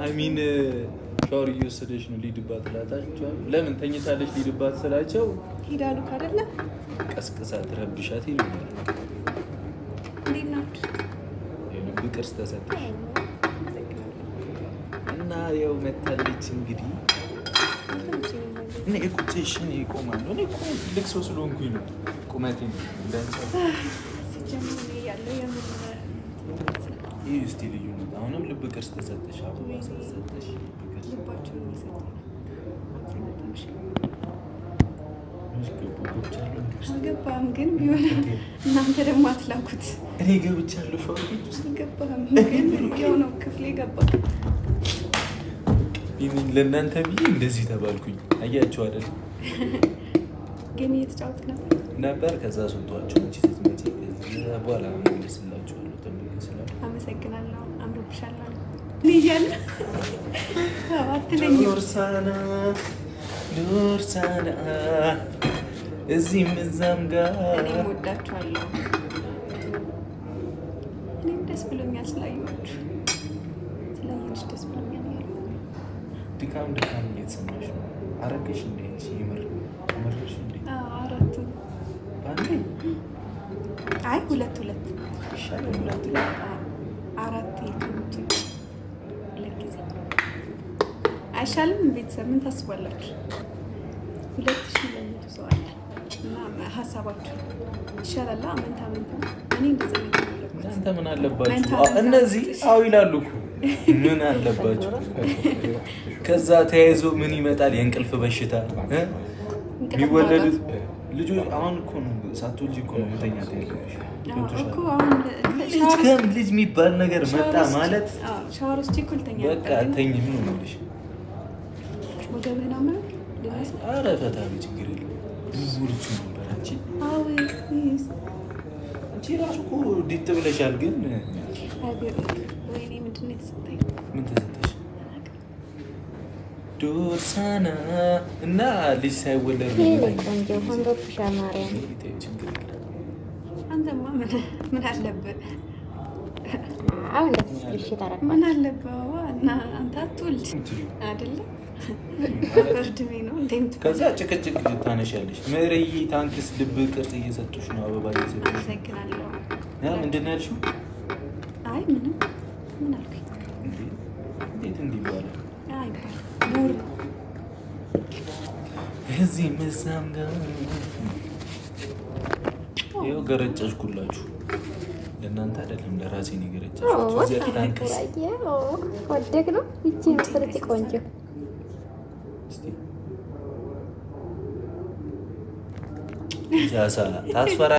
ሀይሚን ሻወር እየወሰደች ነው ሊድባት እላታቸው። ለምን ተኝታለች ሊድባት ስላቸው ሂዳሉ ካደለ ቀስቅሳት ረብሻት ይሉኛል። የልብ ቅርስ ተሰጠሽ እና ያው መታለች እንግዲህ እኔ ቁጭሽን ይቆማሉ። እኔ ልክ ሰው ስለሆንኩኝ ነው ቁመቴ ነው እንዳንቻ ይህ እስቲ ልዩነት አሁንም ልብ ቅርስ ተሰጠሽ፣ አበባ ስለሰጠሽ ግን ቢሆን እናንተ ደግሞ አትላኩት። እኔ ገብቻለሁ። አልገባም ግን የሆነው ክፍሌ ገባ። ለእናንተ ብዬ እንደዚህ ተባልኩኝ። አያችሁ አይደል? ግን እየተጫወት ነበር ነበር ከዛ ስንቷቸው እንጂ ስትመጪ በኋላ ነው ስላ ይመስላል። አመሰግናለሁ። አምሮብሻለሁ። ልያለ አትለኝ ዶርሳና ዶርሳና እዚህም እዛም ጋር እኔም ወዳችኋለሁ። እኔም ደስ ብሎኛል ስላየኋችሁ ስላየንሽ ደስ ብሎኛል። ድካም ድካም እየተሰማሽ ነው። አረገሽ እንደ ይምር አመረሽ አይ ሁለት ሁለት ይሻላል። ሁለት አራት የቀኑት ለጊዜ አይሻልም። ቤተሰብ ምን ታስባላችሁ? ሁለት ሺ ለሚቱ ሰው አለ እና ሀሳባችሁ ይሻላል። መንታ መንታ እኔ እንደዚ እናንተ ምን አለባችሁ? እነዚህ አዎ ይላሉ ምን አለባችሁ? ከዛ ተያይዞ ምን ይመጣል? የእንቅልፍ በሽታ የሚወለዱት ልጁ አሁን እኮ ነው ሳትወልጂ እኮ ነው መተኛት ያለብሽ። ልጅ የሚባል ነገር መጣ ማለት በቃ ተኝ ምን ሆነልሽ? ችግር ልጅ ነበር አንቺ አንቺ ራሱ እኮ ዲት ብለሻል። ግን ምን ተሰጠሽ? ዱር እና ልጅ ሳይወለድ አንተማ ምን አለበት? እና አንተ አትወልድ አይደለ? እርድሜ ነው። ከዛ ጭቅጭቅ ታነሻለሽ። ምርይ ታንክስ ልብ ቅርጽ እየሰጡሽ ነው። አበባ አመሰግናለሁ። ምንድን ነው ያልሽው? አይ ምንም። ምን አልኩኝ? እንዴት እንዲህ ይባላል? እዚህ ምሳም ጋር ይኸው ገረጨሽኩላችሁ። ለእናንተ አይደለም ለራሴ ነው የገረጨሽኩት። ነው ይቺ ምስርት ቆንጆ ታስፈራ